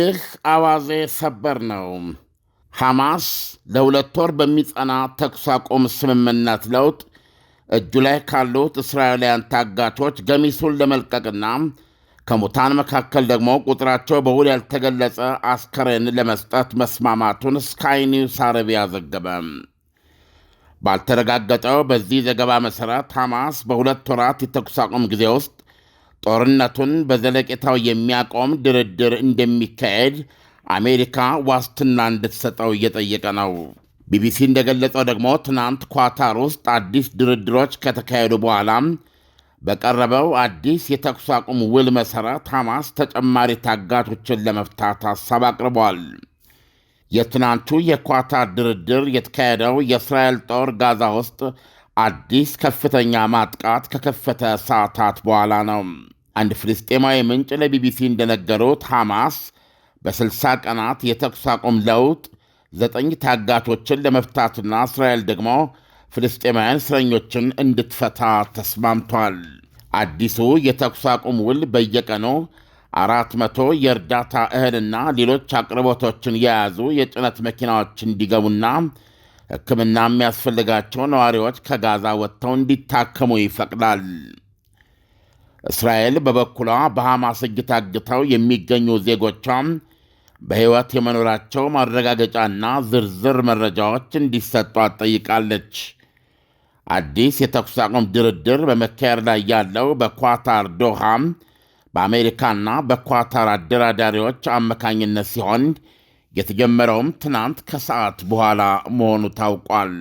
ይህ አዋዜ ሰበር ነው። ሐማስ ለሁለት ወር በሚጸና ተኩስ አቁም ስምምነት ለውጥ እጁ ላይ ካሉት እስራኤላውያን ታጋቾች ገሚሱን ለመልቀቅና ከሙታን መካከል ደግሞ ቁጥራቸው በውል ያልተገለጸ አስከሬን ለመስጠት መስማማቱን ስካይ ኒውስ አረቢያ ዘገበ። ባልተረጋገጠው በዚህ ዘገባ መሠረት ሐማስ በሁለት ወራት የተኩስ አቁም ጊዜ ውስጥ ጦርነቱን በዘለቄታው የሚያቆም ድርድር እንደሚካሄድ አሜሪካ ዋስትና እንድትሰጠው እየጠየቀ ነው። ቢቢሲ እንደገለጸው ደግሞ ትናንት ኳታር ውስጥ አዲስ ድርድሮች ከተካሄዱ በኋላም በቀረበው አዲስ የተኩስ አቁም ውል መሠረት ሐማስ ተጨማሪ ታጋቾችን ለመፍታት ሐሳብ አቅርቧል። የትናንቱ የኳታር ድርድር የተካሄደው የእስራኤል ጦር ጋዛ ውስጥ አዲስ ከፍተኛ ማጥቃት ከከፈተ ሰዓታት በኋላ ነው። አንድ ፍልስጤማዊ ምንጭ ለቢቢሲ እንደነገሩት ሐማስ በ60 ቀናት የተኩስ አቁም ለውጥ ዘጠኝ ታጋቾችን ለመፍታትና እስራኤል ደግሞ ፍልስጤማውያን እስረኞችን እንድትፈታ ተስማምቷል። አዲሱ የተኩስ አቁም ውል በየቀኑ አራት መቶ የእርዳታ እህልና ሌሎች አቅርቦቶችን የያዙ የጭነት መኪናዎች እንዲገቡና ሕክምና የሚያስፈልጋቸው ነዋሪዎች ከጋዛ ወጥተው እንዲታከሙ ይፈቅዳል። እስራኤል በበኩሏ በሐማስ እጅ ታግተው የሚገኙ ዜጎቿ በሕይወት የመኖራቸው ማረጋገጫና ዝርዝር መረጃዎች እንዲሰጧት ጠይቃለች። አዲስ የተኩስ አቁም ድርድር በመካሄድ ላይ ያለው በኳታር ዶሃ በአሜሪካና በኳታር አደራዳሪዎች አማካኝነት ሲሆን የተጀመረውም ትናንት ከሰዓት በኋላ መሆኑ ታውቋል።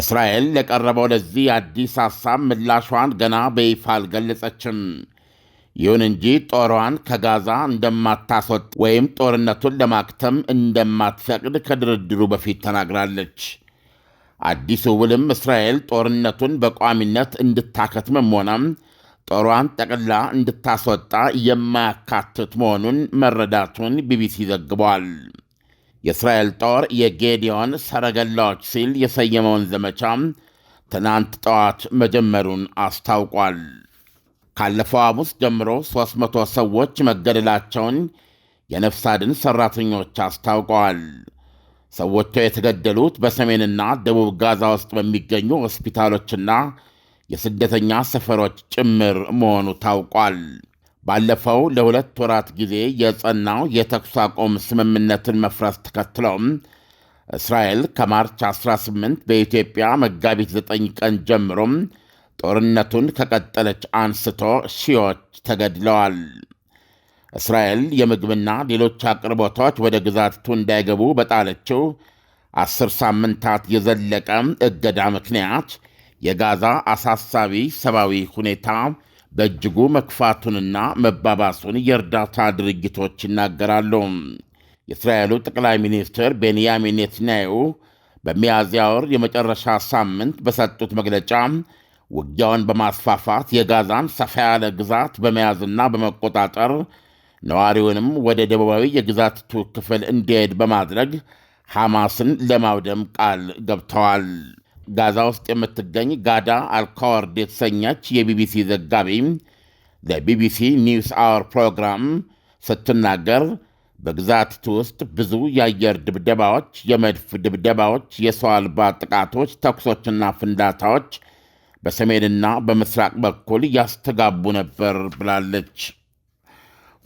እስራኤል ለቀረበው ለዚህ አዲስ ሐሳብ ምላሿን ገና በይፋ አልገለጸችም። ይሁን እንጂ ጦሯን ከጋዛ እንደማታስወጥ ወይም ጦርነቱን ለማክተም እንደማትፈቅድ ከድርድሩ በፊት ተናግራለች። አዲሱ ውልም እስራኤል ጦርነቱን በቋሚነት እንድታከትምም ሆነም ጦሯን ጠቅላ እንድታስወጣ የማያካትት መሆኑን መረዳቱን ቢቢሲ ዘግቧል። የእስራኤል ጦር የጌዲዮን ሰረገላዎች ሲል የሰየመውን ዘመቻ ትናንት ጠዋት መጀመሩን አስታውቋል። ካለፈው ሐሙስ ጀምሮ 300 ሰዎች መገደላቸውን የነፍስ አድን ሠራተኞች አስታውቀዋል። ሰዎቹ የተገደሉት በሰሜንና ደቡብ ጋዛ ውስጥ በሚገኙ ሆስፒታሎችና የስደተኛ ሰፈሮች ጭምር መሆኑ ታውቋል። ባለፈው ለሁለት ወራት ጊዜ የጸናው የተኩስ አቁም ስምምነትን መፍረስ ተከትለውም እስራኤል ከማርች 18 በኢትዮጵያ መጋቢት 9 ቀን ጀምሮም ጦርነቱን ከቀጠለች አንስቶ ሺዎች ተገድለዋል። እስራኤል የምግብና ሌሎች አቅርቦቶች ወደ ግዛቲቱ እንዳይገቡ በጣለችው አስር ሳምንታት የዘለቀ እገዳ ምክንያት የጋዛ አሳሳቢ ሰብአዊ ሁኔታ በእጅጉ መክፋቱንና መባባሱን የእርዳታ ድርጅቶች ይናገራሉ። የእስራኤሉ ጠቅላይ ሚኒስትር ቤንያሚን ኔትንያሁ በሚያዝያ ወር የመጨረሻ ሳምንት በሰጡት መግለጫ ውጊያውን በማስፋፋት የጋዛን ሰፋ ያለ ግዛት በመያዝና በመቆጣጠር ነዋሪውንም ወደ ደቡባዊ የግዛቲቱ ክፍል እንዲሄድ በማድረግ ሐማስን ለማውደም ቃል ገብተዋል። ጋዛ ውስጥ የምትገኝ ጋዳ አልካወርድ የተሰኘች የቢቢሲ ዘጋቢ ለቢቢሲ ኒውስ አወር ፕሮግራም ስትናገር በግዛቲቱ ውስጥ ብዙ የአየር ድብደባዎች፣ የመድፍ ድብደባዎች፣ የሰው አልባ ጥቃቶች፣ ተኩሶችና ፍንዳታዎች በሰሜንና በምስራቅ በኩል ያስተጋቡ ነበር ብላለች።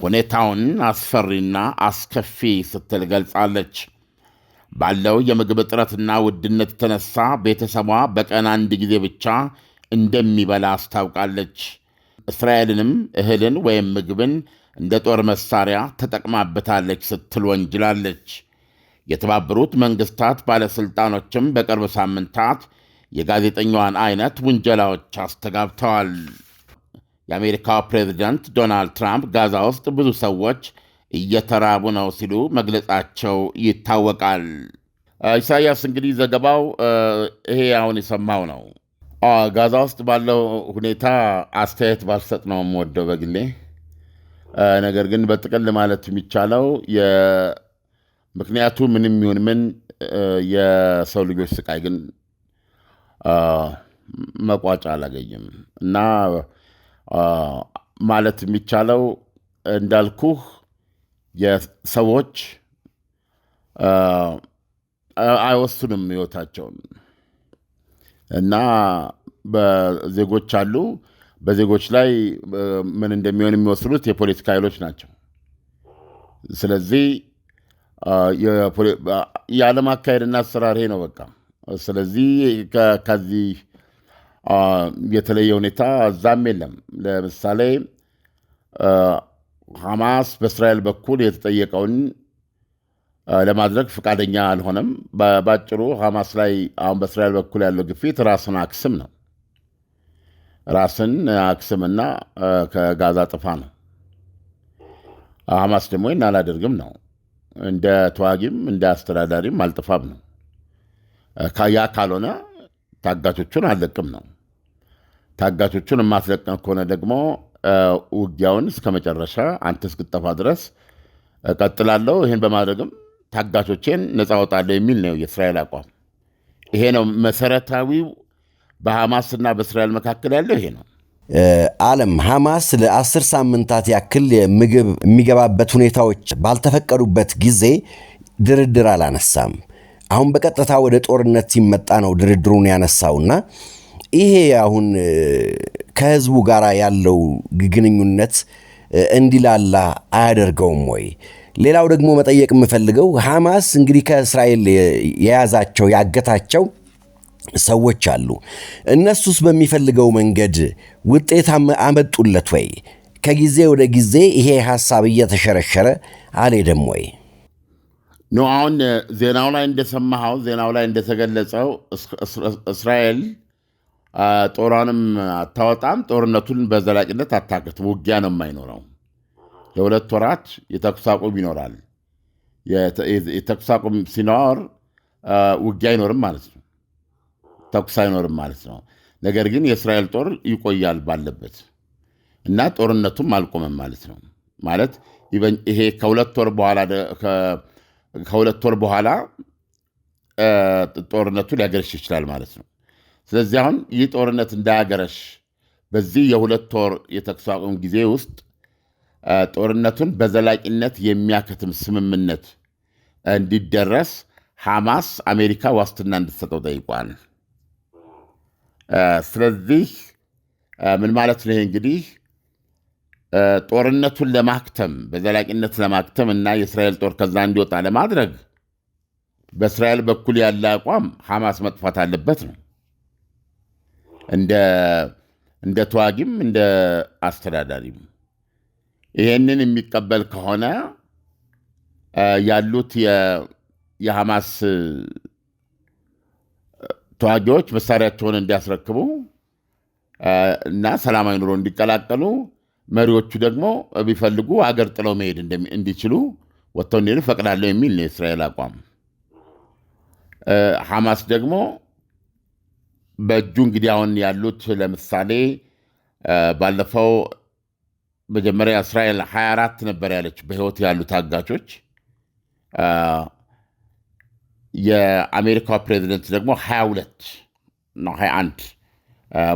ሁኔታውን አስፈሪና አስከፊ ስትል ገልጻለች። ባለው የምግብ እጥረትና ውድነት የተነሳ ቤተሰቧ በቀን አንድ ጊዜ ብቻ እንደሚበላ አስታውቃለች። እስራኤልንም እህልን ወይም ምግብን እንደ ጦር መሳሪያ ተጠቅማበታለች ስትል ወንጅላለች። የተባበሩት መንግስታት ባለሥልጣኖችም በቅርብ ሳምንታት የጋዜጠኛዋን አይነት ውንጀላዎች አስተጋብተዋል። የአሜሪካው ፕሬዚደንት ዶናልድ ትራምፕ ጋዛ ውስጥ ብዙ ሰዎች እየተራቡ ነው ሲሉ መግለጻቸው ይታወቃል። ኢሳያስ እንግዲህ ዘገባው ይሄ አሁን የሰማው ነው። ጋዛ ውስጥ ባለው ሁኔታ አስተያየት ባልሰጥ ነው የምወደው በግሌ። ነገር ግን በጥቅል ማለት የሚቻለው ምክንያቱ ምንም ይሁን ምን የሰው ልጆች ስቃይ ግን መቋጫ አላገኝም እና ማለት የሚቻለው እንዳልኩህ ሰዎች አይወስኑም ህይወታቸውን እና በዜጎች አሉ። በዜጎች ላይ ምን እንደሚሆን የሚወስኑት የፖለቲካ ኃይሎች ናቸው። ስለዚህ የዓለም አካሄድና አሰራር ነው በቃ። ስለዚህ ከዚህ የተለየ ሁኔታ እዛም የለም። ለምሳሌ ሐማስ በእስራኤል በኩል የተጠየቀውን ለማድረግ ፈቃደኛ አልሆነም። በአጭሩ ሐማስ ላይ አሁን በእስራኤል በኩል ያለው ግፊት ራስን አክስም ነው። ራስን አክስምና ከጋዛ ጥፋ ነው። ሐማስ ደግሞ ይህን አላደርግም ነው። እንደ ተዋጊም እንደ አስተዳዳሪም አልጥፋም ነው። ያ ካልሆነ ታጋቾቹን አልለቅም ነው። ታጋቾቹን የማትለቅም ከሆነ ደግሞ ውጊያውን እስከ መጨረሻ አንተ እስክጠፋ ድረስ ቀጥላለሁ ይህን በማድረግም ታጋቾቼን ነፃ ወጣለሁ የሚል ነው የእስራኤል አቋም። ይሄ ነው መሰረታዊው በሐማስና በእስራኤል መካከል ያለው ይሄ ነው። አለም ሐማስ ለአስር ሳምንታት ያክል ምግብ የሚገባበት ሁኔታዎች ባልተፈቀዱበት ጊዜ ድርድር አላነሳም። አሁን በቀጥታ ወደ ጦርነት ሲመጣ ነው ድርድሩን ያነሳውና ይሄ አሁን ከህዝቡ ጋር ያለው ግንኙነት እንዲላላ አያደርገውም ወይ? ሌላው ደግሞ መጠየቅ የምፈልገው ሐማስ እንግዲህ ከእስራኤል የያዛቸው ያገታቸው ሰዎች አሉ። እነሱስ በሚፈልገው መንገድ ውጤት አመጡለት ወይ? ከጊዜ ወደ ጊዜ ይሄ ሀሳብ እየተሸረሸረ አልሄደም ወይ? ኖ አሁን ዜናው ላይ እንደሰማኸው ዜናው ላይ እንደተገለጸው እስራኤል ጦሯንም አታወጣም። ጦርነቱን በዘላቂነት አታክትም። ውጊያ ነው የማይኖረው። ለሁለት ወራት የተኩስ አቁም ይኖራል። የተኩስ አቁም ሲኖር ውጊያ አይኖርም ማለት ነው። ተኩስ አይኖርም ማለት ነው። ነገር ግን የእስራኤል ጦር ይቆያል ባለበት እና ጦርነቱም አልቆመም ማለት ነው። ማለት ይሄ ከሁለት ወር በኋላ ጦርነቱ ሊያገረሽ ይችላል ማለት ነው። ስለዚህ አሁን ይህ ጦርነት እንዳያገረሽ በዚህ የሁለት ወር የተኩስ አቁም ጊዜ ውስጥ ጦርነቱን በዘላቂነት የሚያከትም ስምምነት እንዲደረስ ሐማስ አሜሪካ ዋስትና እንድትሰጠው ጠይቋል። ስለዚህ ምን ማለት ነው? ይሄ እንግዲህ ጦርነቱን ለማክተም በዘላቂነት ለማክተም እና የእስራኤል ጦር ከዛ እንዲወጣ ለማድረግ በእስራኤል በኩል ያለ አቋም ሐማስ መጥፋት አለበት ነው። እንደ ተዋጊም እንደ አስተዳዳሪም ይሄንን የሚቀበል ከሆነ ያሉት የሐማስ ተዋጊዎች መሳሪያቸውን እንዲያስረክቡ እና ሰላማዊ ኑሮ እንዲቀላቀሉ መሪዎቹ ደግሞ ቢፈልጉ አገር ጥለው መሄድ እንዲችሉ ወጥተው እንዲሄዱ ፈቅዳለሁ የሚል ነው የእስራኤል አቋም። ሐማስ ደግሞ በእጁ እንግዲህ አሁን ያሉት ለምሳሌ ባለፈው መጀመሪያ እስራኤል 24 ነበር ያለች በህይወት ያሉት አጋቾች። የአሜሪካው ፕሬዚደንት ደግሞ 22 ነው 21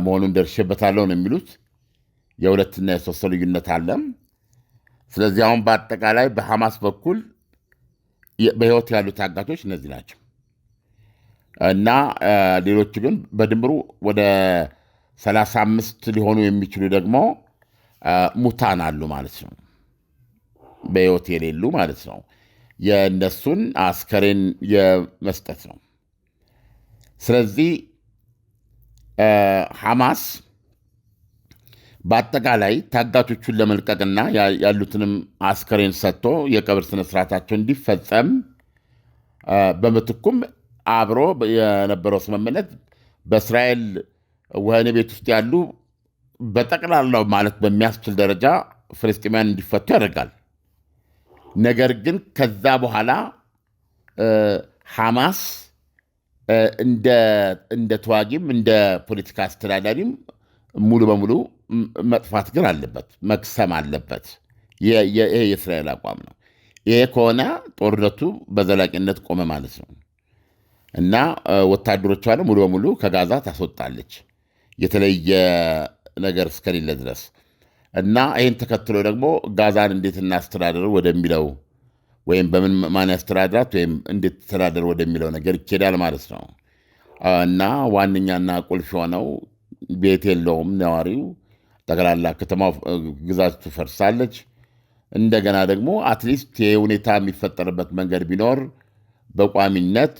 መሆኑን ደርሼበታለሁ ነው የሚሉት። የሁለትና የሶስት ልዩነት አለም። ስለዚህ አሁን በአጠቃላይ በሐማስ በኩል በህይወት ያሉት አጋቾች እነዚህ ናቸው። እና ሌሎቹ ግን በድምሩ ወደ 35 ሊሆኑ የሚችሉ ደግሞ ሙታን አሉ ማለት ነው። በህይወት የሌሉ ማለት ነው። የእነሱን አስከሬን የመስጠት ነው። ስለዚህ ሐማስ በአጠቃላይ ታጋቾቹን ለመልቀቅና ያሉትንም አስከሬን ሰጥቶ የቀብር ስነስርዓታቸው እንዲፈጸም በምትኩም አብሮ የነበረው ስምምነት በእስራኤል ወህኒ ቤት ውስጥ ያሉ በጠቅላላው ማለት በሚያስችል ደረጃ ፍልስጤማውያን እንዲፈቱ ያደርጋል። ነገር ግን ከዛ በኋላ ሐማስ እንደ ተዋጊም እንደ ፖለቲካ አስተዳዳሪም ሙሉ በሙሉ መጥፋት ግን አለበት፣ መክሰም አለበት። ይሄ የእስራኤል አቋም ነው። ይሄ ከሆነ ጦርነቱ በዘላቂነት ቆመ ማለት ነው። እና ወታደሮቿን ሙሉ በሙሉ ከጋዛ ታስወጣለች የተለየ ነገር እስከሌለ ድረስ እና ይህን ተከትሎ ደግሞ ጋዛን እንዴት እናስተዳደር ወደሚለው ወይም በምን ማን ያስተዳድራት ወይም እንዴት ተዳደር ወደሚለው ነገር ይኬዳል ማለት ነው እና ዋነኛና ቁልፍ የሆነው ቤት የለውም ነዋሪው። ጠቅላላ ከተማ ግዛት ትፈርሳለች። እንደገና ደግሞ አትሊስት ይህ ሁኔታ የሚፈጠርበት መንገድ ቢኖር በቋሚነት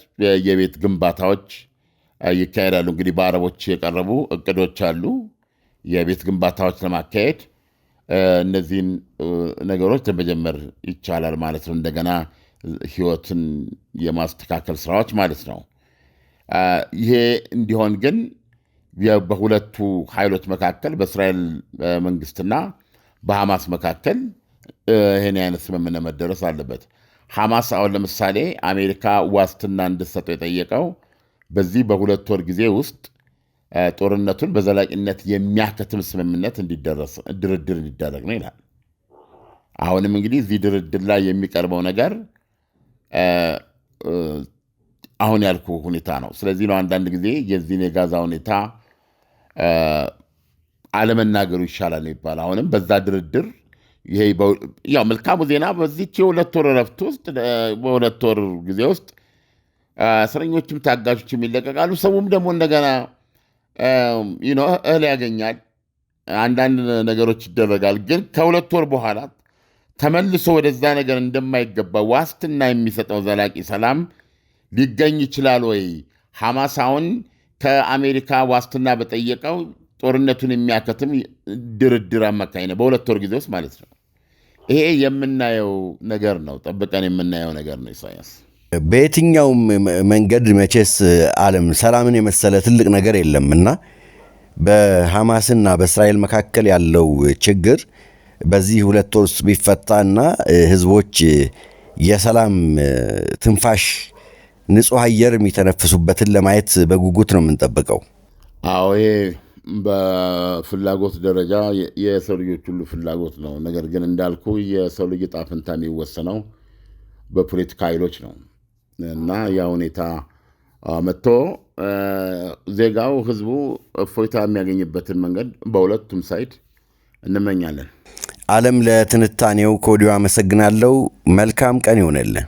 የቤት ግንባታዎች ይካሄዳሉ። እንግዲህ በአረቦች የቀረቡ እቅዶች አሉ፣ የቤት ግንባታዎች ለማካሄድ እነዚህን ነገሮች ለመጀመር ይቻላል ማለት ነው። እንደገና ህይወትን የማስተካከል ስራዎች ማለት ነው። ይሄ እንዲሆን ግን በሁለቱ ኃይሎች መካከል በእስራኤል መንግስትና በሐማስ መካከል ይህን አይነት ስምምነ መደረስ አለበት። ሐማስ አሁን ለምሳሌ አሜሪካ ዋስትና እንድትሰጠው የጠየቀው በዚህ በሁለት ወር ጊዜ ውስጥ ጦርነቱን በዘላቂነት የሚያከትም ስምምነት ድርድር እንዲደረግ ነው ይላል። አሁንም እንግዲህ እዚህ ድርድር ላይ የሚቀርበው ነገር አሁን ያልኩ ሁኔታ ነው። ስለዚህ ነው አንዳንድ ጊዜ የዚህን የጋዛ ሁኔታ አለመናገሩ ይሻላል ይባል። አሁንም በዛ ድርድር ይሄ ያው መልካሙ ዜና በዚች የሁለት ወር እረፍት ውስጥ በሁለት ወር ጊዜ ውስጥ እስረኞችም ታጋቾችም ይለቀቃሉ። ሰውም ደግሞ እንደገና እህል ያገኛል። አንዳንድ ነገሮች ይደረጋል። ግን ከሁለት ወር በኋላ ተመልሶ ወደዛ ነገር እንደማይገባ ዋስትና የሚሰጠው ዘላቂ ሰላም ሊገኝ ይችላል ወይ? ሐማስ አሁን ከአሜሪካ ዋስትና በጠየቀው ጦርነቱን የሚያከትም ድርድር አማካኝ ነው፣ በሁለት ወር ጊዜ ውስጥ ማለት ነው። ይሄ የምናየው ነገር ነው፣ ጠብቀን የምናየው ነገር ነው። ኢሳያስ በየትኛውም መንገድ መቼስ ዓለም ሰላምን የመሰለ ትልቅ ነገር የለም እና በሐማስና በእስራኤል መካከል ያለው ችግር በዚህ ሁለት ወር ውስጥ ቢፈታና ህዝቦች የሰላም ትንፋሽ ንጹህ አየር የሚተነፍሱበትን ለማየት በጉጉት ነው የምንጠብቀው። አዎ በፍላጎት ደረጃ የሰው ልጆች ሁሉ ፍላጎት ነው። ነገር ግን እንዳልኩ የሰው ልጅ ዕጣ ፈንታ የሚወሰነው በፖለቲካ ኃይሎች ነው እና ያ ሁኔታ መጥቶ ዜጋው፣ ህዝቡ እፎይታ የሚያገኝበትን መንገድ በሁለቱም ሳይድ እንመኛለን። አለም፣ ለትንታኔው ከወዲሁ አመሰግናለሁ። መልካም ቀን ይሆነልን።